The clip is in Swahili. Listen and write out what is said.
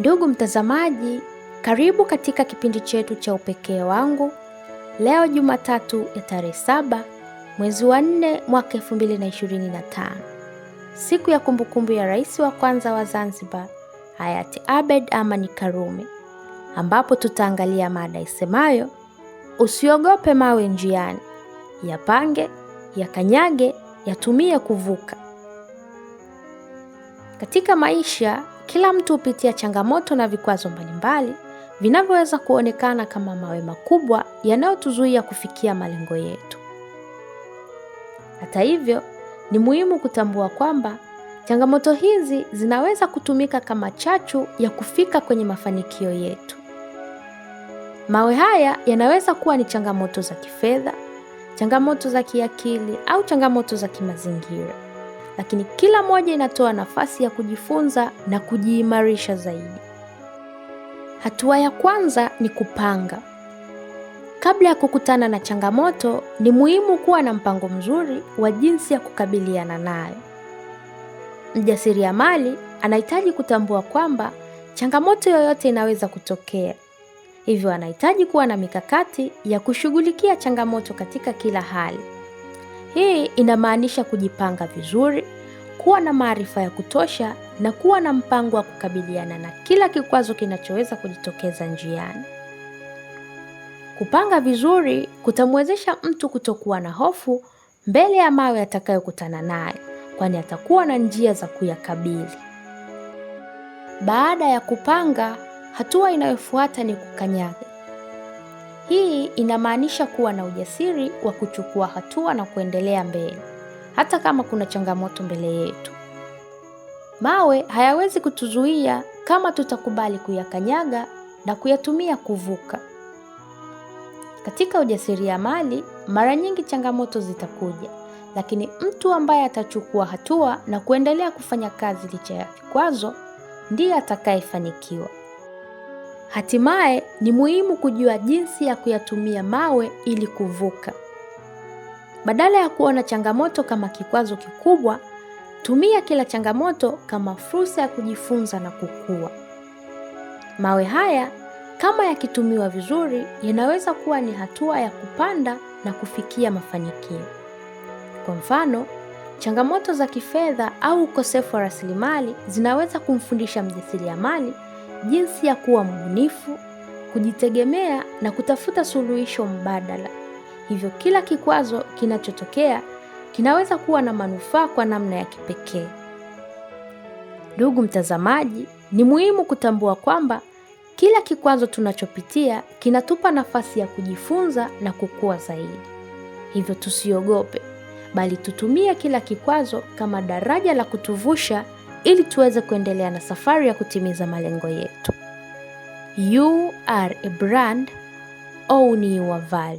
Ndugu mtazamaji, karibu katika kipindi chetu cha Upekee wangu leo Jumatatu ya tarehe saba mwezi wa nne mwaka elfu mbili na ishirini na tano, siku ya kumbukumbu ya rais wa kwanza wa Zanzibar hayati Abed Amani Karume, ambapo tutaangalia mada isemayo usiogope mawe njiani, yapange, yakanyage, yatumie kuvuka. Katika maisha kila mtu hupitia changamoto na vikwazo mbalimbali vinavyoweza kuonekana kama mawe makubwa yanayotuzuia kufikia malengo yetu. Hata hivyo, ni muhimu kutambua kwamba changamoto hizi zinaweza kutumika kama chachu ya kufika kwenye mafanikio yetu. Mawe haya yanaweza kuwa ni changamoto za kifedha, changamoto za kiakili au changamoto za kimazingira lakini kila moja inatoa nafasi ya kujifunza na kujiimarisha zaidi. Hatua ya kwanza ni kupanga. Kabla ya kukutana na changamoto, ni muhimu kuwa na mpango mzuri wa jinsi ya kukabiliana nayo. Mjasiriamali anahitaji kutambua kwamba changamoto yoyote inaweza kutokea, hivyo anahitaji kuwa na mikakati ya kushughulikia changamoto katika kila hali. Hii inamaanisha kujipanga vizuri, kuwa na maarifa ya kutosha na kuwa na mpango wa kukabiliana na kila kikwazo kinachoweza kujitokeza njiani. Kupanga vizuri kutamwezesha mtu kutokuwa na hofu mbele ya mawe atakayokutana nayo, kwani atakuwa na njia za kuyakabili. Baada ya kupanga, hatua inayofuata ni kukanyaga. Hii inamaanisha kuwa na ujasiri wa kuchukua hatua na kuendelea mbele, hata kama kuna changamoto mbele yetu. Mawe hayawezi kutuzuia kama tutakubali kuyakanyaga na kuyatumia kuvuka. Katika ujasiriamali, mara nyingi changamoto zitakuja, lakini mtu ambaye atachukua hatua na kuendelea kufanya kazi licha ya vikwazo ndiye atakayefanikiwa. Hatimaye ni muhimu kujua jinsi ya kuyatumia mawe ili kuvuka. Badala ya kuona changamoto kama kikwazo kikubwa, tumia kila changamoto kama fursa ya kujifunza na kukua. Mawe haya kama yakitumiwa vizuri, yanaweza kuwa ni hatua ya kupanda na kufikia mafanikio. Kwa mfano, changamoto za kifedha au ukosefu wa rasilimali zinaweza kumfundisha mjasiriamali jinsi ya kuwa mbunifu, kujitegemea na kutafuta suluhisho mbadala. Hivyo kila kikwazo kinachotokea kinaweza kuwa na manufaa kwa namna ya kipekee. Ndugu mtazamaji, ni muhimu kutambua kwamba kila kikwazo tunachopitia kinatupa nafasi ya kujifunza na kukua zaidi. Hivyo tusiogope, bali tutumie kila kikwazo kama daraja la kutuvusha ili tuweze kuendelea na safari ya kutimiza malengo yetu. You are a brand, own your value.